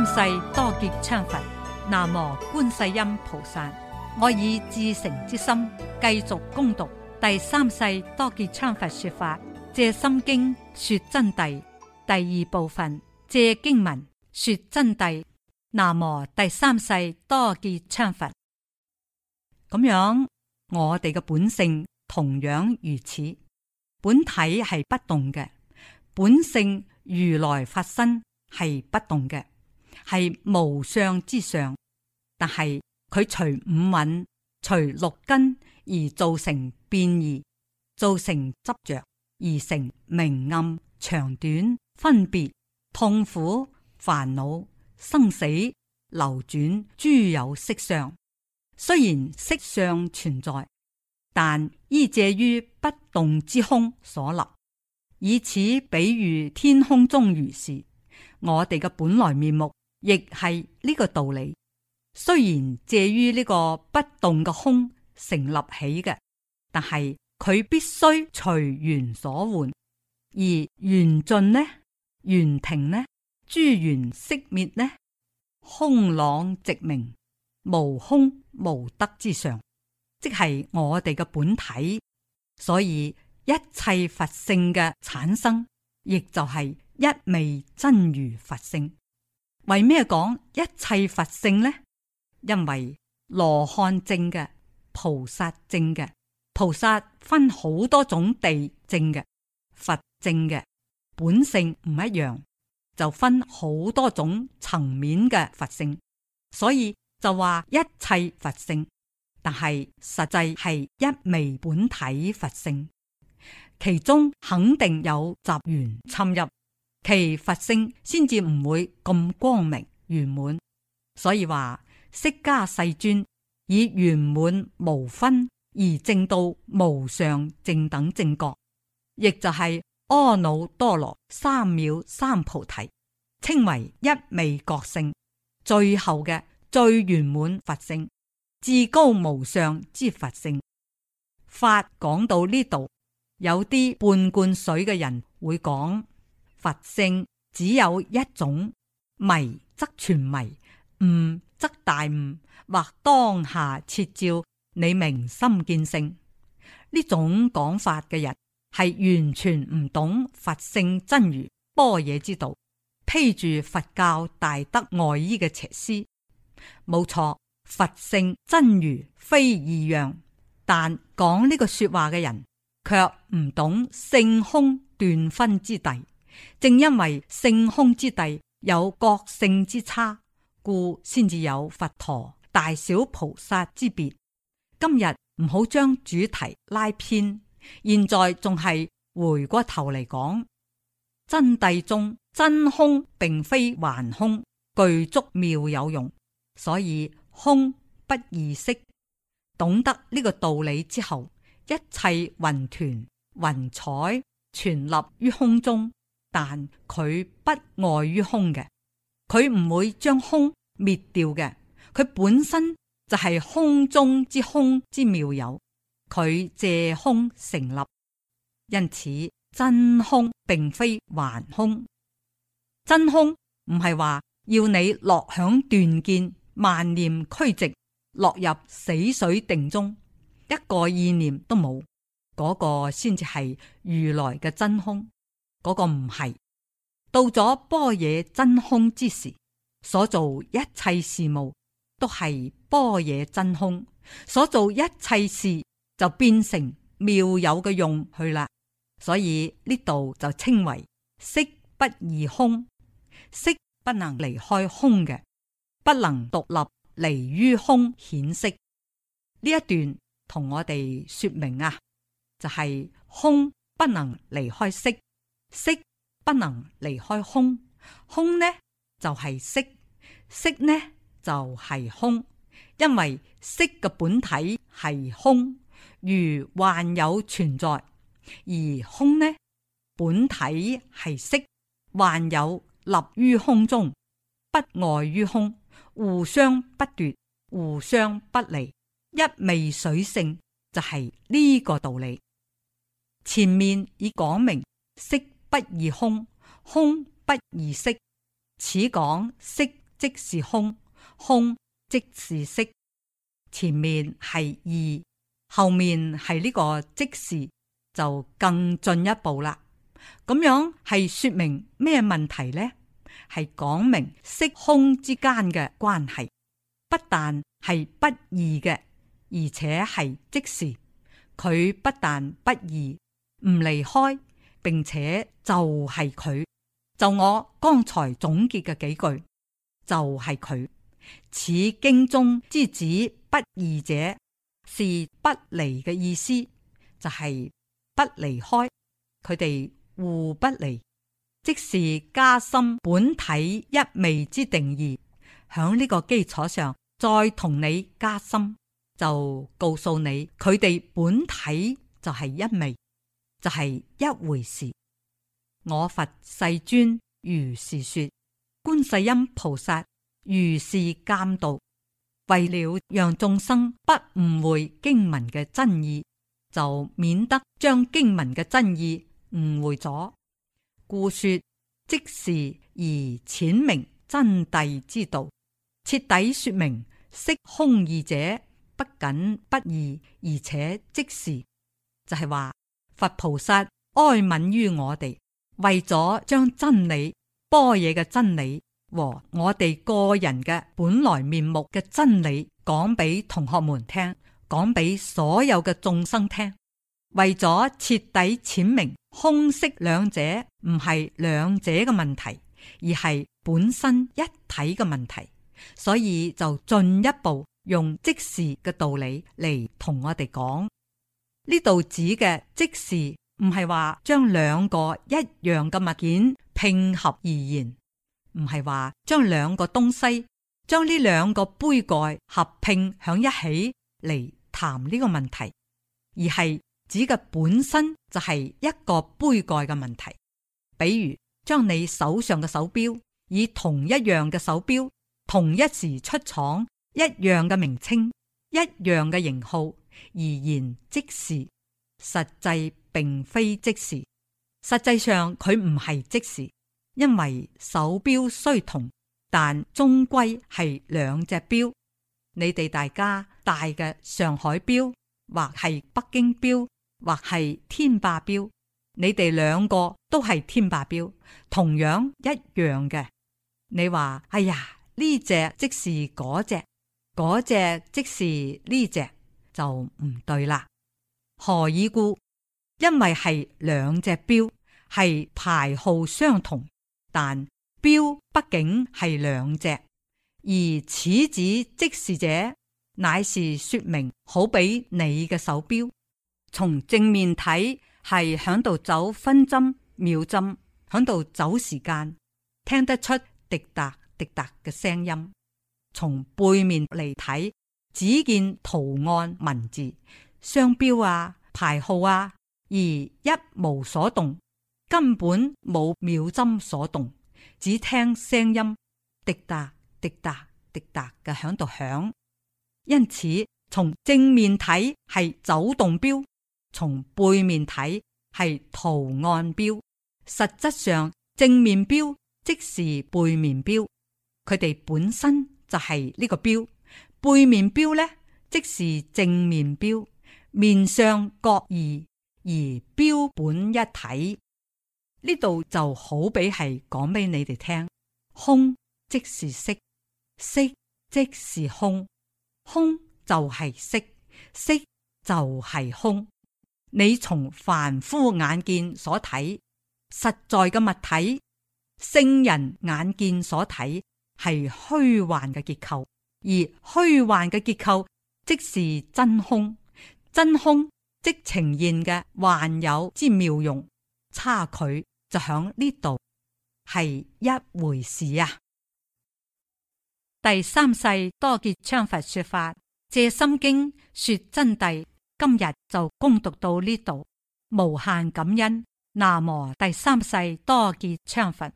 三世多杰羌佛，南無觀世音菩薩。我以至誠之心繼續恭讀第三世多杰羌佛說法，借心經說真諦第二部分，借經文說真諦。南無第三世多杰羌佛。咁樣，我哋嘅本性同樣如此，本體係不動嘅，本性如來佛身，係不動嘅。係無相之相，但係佢隨五蘊、隨六根而造成變異，造成執着，而成明暗、長短、分別、痛苦、煩惱、生死、流轉，諸有色相。雖然色相存在，但依借於不動之空所立。以此比喻天空中如是，我哋嘅本來面目。亦係呢個道理，雖然借於呢個不動嘅空成立起嘅，但係佢必須隨緣所換而緣盡呢？緣停呢？諸緣息滅呢？空朗直明，無空無得之上，即係我哋嘅本體。所以一切佛性嘅產生，亦就係一味真如佛性。為咩講一切佛性呢？因為羅漢證嘅、菩薩證嘅、菩薩分好多種地證嘅、佛證嘅本性唔一樣，就分好多種層面嘅佛性，所以就話一切佛性，但係實際係一微本體佛性，其中肯定有雜緣侵入。其佛性先至唔會咁光明圓滿，所以話釋迦世尊以圓滿無分而證到無上正等正覺，亦就係阿耨多羅三藐三菩提，稱為一味覺性，最後嘅最圓滿佛性，至高無上之佛性。法講到呢度，有啲半罐水嘅人會講。佛性只有一種，迷則全迷，悟則大悟，或當下徹照，你明心見性。呢種講法嘅人係完全唔懂佛性真如般若之道，披住佛教大德外衣嘅邪師。冇錯，佛性真如非異樣，但講呢個說話嘅人卻唔懂性空斷分之地。正因為性空之地有覺性之差，故先至有佛陀大小菩薩之別。今日唔好將主題拉偏，現在仲係回過頭嚟講真諦中真空，並非還空具足妙有用，所以空不異色」，懂得呢個道理之後，一切雲團雲彩全立於空中。但佢不礙於空嘅，佢唔會將空滅掉嘅，佢本身就係空中之空之妙有，佢借空成立，因此真空並非還空，真空唔係話要你落響斷見萬念俱寂，落入死水定中，一個意念都冇，嗰、那個先至係如來嘅真空。嗰個唔係。到咗般若真空之時，所做一切事物都係般若真空，所做一切事就變成妙有嘅用去啦，所以呢度就稱為色不異空，色不能離開空嘅，不能獨立離於空顯色。呢一段同我哋說明啊，就係、是、空不能離開色。色不能離開空，空呢就係、是、色，色呢就係、是、空，因為色嘅本體係空，如幻有存在；而空呢本體係色，幻有立於空中，不外於空，互相不奪，互相不離，一味水性就係呢個道理。前面已講明色。不異空，空不異色。此講色即是空，空即是色。前面係異，後面係呢個即時，就更進一步啦。咁樣係說明咩問題呢？係講明色空之間嘅關係，不但係不異嘅，而且係即時。佢不但不異，唔離開。並且就係佢，就我剛才總結嘅幾句，就係、是、佢。此經中之子不二者，是不離嘅意思，就係、是、不離開，佢哋互不離，即是加深本體一味之定義。響呢個基礎上，再同你加深，就告訴你佢哋本體就係一味。就係一回事。我佛世尊如是說，觀世音菩薩如是教導。為了讓眾生不誤會經文嘅真意，就免得將經文嘅真意誤會咗，故說即是而淺明真諦之道，徹底說明色空二者不僅不二，而且即是，就係話。佛菩薩哀憫於我哋，為咗將真理、般若嘅真理和我哋個人嘅本來面目嘅真理講俾同學們聽，講俾所有嘅眾生聽，為咗徹底闡明空色兩者唔係兩者嘅問題，而係本身一體嘅問題，所以就進一步用即時嘅道理嚟同我哋講。呢度指嘅即時唔係話將兩個一樣嘅物件拼合而言，唔係話將兩個東西將呢兩個杯蓋合併響一起嚟談呢個問題，而係指嘅本身就係一個杯蓋嘅問題。比如將你手上嘅手錶以同一樣嘅手錶，同一時出廠、一樣嘅名稱、一樣嘅型號。而言即是，實際並非即是。實際上佢唔係即是，因為手錶雖同，但終歸係兩隻錶。你哋大家戴嘅上海錶，或係北京錶，或係天霸錶，你哋兩個都係天霸錶，同樣一樣嘅。你話哎呀，呢隻即是嗰隻，嗰隻即是呢隻。就唔對啦，何以故？因為係兩隻表係排號相同，但表畢竟係兩隻，而此指即是者，乃是說明，好比你嘅手表，從正面睇係響度走分針、秒針，響度走時間，聽得出滴答滴答嘅聲音；從背面嚟睇。只見圖案、文字、商標啊、牌號啊，而一無所動，根本冇秒針所動，只聽聲音滴答滴答滴答嘅響度響。因此，從正面睇係走動標，從背面睇係圖案標，實質上正面標即是背面標，佢哋本身就係呢個標。背面標呢，即是正面標，面相各異而標本一體。呢度就好比係講俾你哋聽，空即是色，色即是空，空就係色，色就係空。你從凡夫眼見所睇，實在嘅物體；聖人眼見所睇，係虛幻嘅結構。而虛幻嘅結構，即是真空；真空即呈現嘅幻有之妙用。差距就響呢度，係一回事啊！第三世多杰羌佛說法《藉心經》說真諦，今日就恭讀到呢度，無限感恩。南無第三世多杰羌佛。